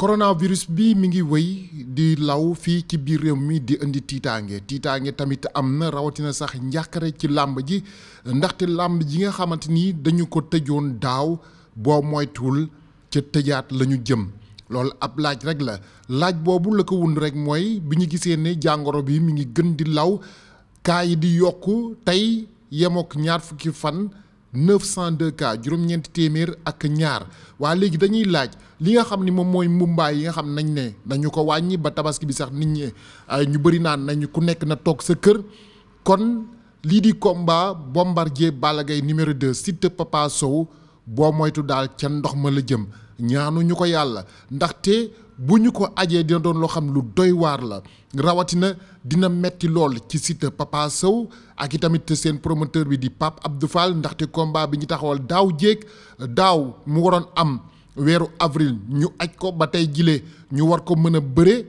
coronavirus bi mi ngi wéy di law fii ci biir réew mi di indi tiitaange tiitaange tamit am na rawatina sax njàqare ci làmb ji ndaxte làmb ji nga xamante ni dañu ko tëjoon daaw boo moytuwul ca tëjaat la ñu jëm loolu ab laaj rek la laaj boobu la ko rek mooy bi ñu gisee ne jàngoro bi mi ngi gën di law kaa yi di yokk tey yemook ñaar fukki fan 902 cas juróom-ñeenti téeméer ak ñaar waa léegi dañuy laaj li nga xam ni moom mooy mbumbaay yi nga xam nañ ne nañu ko wàññi ba tabaski bi sax nit ñi ñu bëri naan nañu ku nekk na toog sa kër kon lii di combat bombar Balla balagay numéro 2 Siteu Papa Sow boo moytu daal ca ndox ma la jëm ñaanu ñu ko yàlla ndaxte bu ñu ko ajee dina doon loo xam lu doy waar la rawatina dina metti lool ci site Papa Sow ak i tamit seen promoteur bi di pap Abdou Fall ndaxte combat bi ñu taxawal daaw jéeg daaw mu waroon am weeru avril ñu aj ko ba tey jilee ñu war ko mën a bëre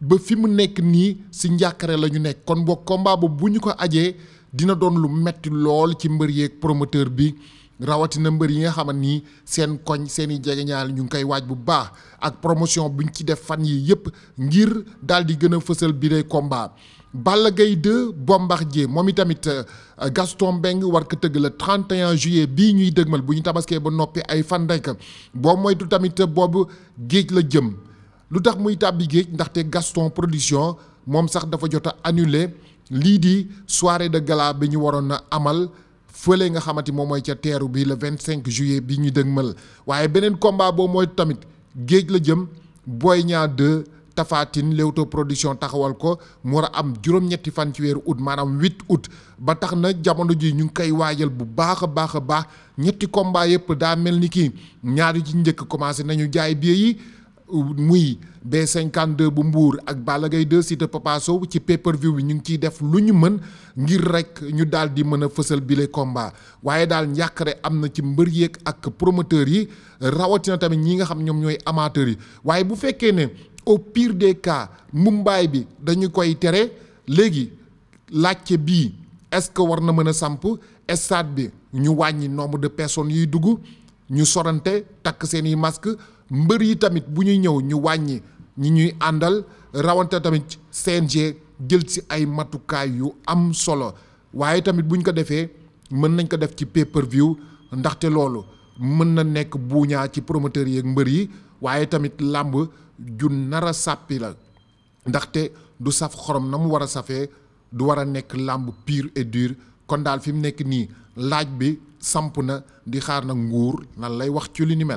ba fi mu nekk nii si njàkkare la ñu nekk kon boo komba bu ñu ko ajee dina doon lu metti lool ci mbër yeeg promoteur bi rawatina mbër yi nga xamante ni seen koñ seen i jegeñaal ñu ngi koy waaj bu baax ak promotion buñ ci def fan yii yëpp ngir daal di gën a fësal bi day combat Balla Gaye bombax Bombardier moom itamit euh, Gaston Mbengue war ko tëgg le 31 juillet bii ñuy dëgmal bu ñu tabaskee ba noppi ay fan rek boobu moytu tamit boobu géej la jëm lu tax muy tàbbi géej ndaxte Gaston production moom sax dafa jot a annulé lii di soirée de gala bi ñu waroon a amal fële nga xamante moom mooy ca teeru bi le 25 juillet bi ñu dëgmal waaye beneen combat boobu mooy tamit géej la jëm booy Niang 2 tafaatin Tine production taxawal ko mu war a am juróom-ñetti fan ci weeru août maanaam 8 août ba tax na jamono ji ñu ngi koy waajal bu baax a baax a baax ñetti combat yëpp daa mel ni kii ñaar yu ci njëkk commencé nañu jaay billet yi. muy B52 bu Mbour ak Balla Gaye 2 Siteu Papa Sow ci pay per bi ñu ngi ciy def lu ñu mën ngir rek ñu daal di mën a fësal bile combat waaye daal njàqare am na ci mbër yeeg ak promoteurs yi rawatina tamit ñi nga xam ñoom ñooy amateurs yi waaye bu fekkee ne au pire des cas Mumbaay bi dañu koy tere léegi laajte bi est-ce que war na mën a samp estade bi ñu wàññi nombre de personnes yuy dugg ñu sorante takk seen i masques. mbër yi tamit bu ñu ñëw ñu wàññi ñi ñuy àndal rawante tamit CNG jël ci ay matukaay yu am solo waaye tamit bu ñu ko defee mën nañ ko def ci pay-per-view ndaxte loolu mën na nekk buuñaa ci promoteurs yi mbër yi waaye tamit làmb ju nara sàppi la ndaxte du saf xorom na mu war a safee du war a nekk làmb piir et dur kon daal fi mu nekk nii laaj bi samp na di xaar na nguur nan lay wax ci li mel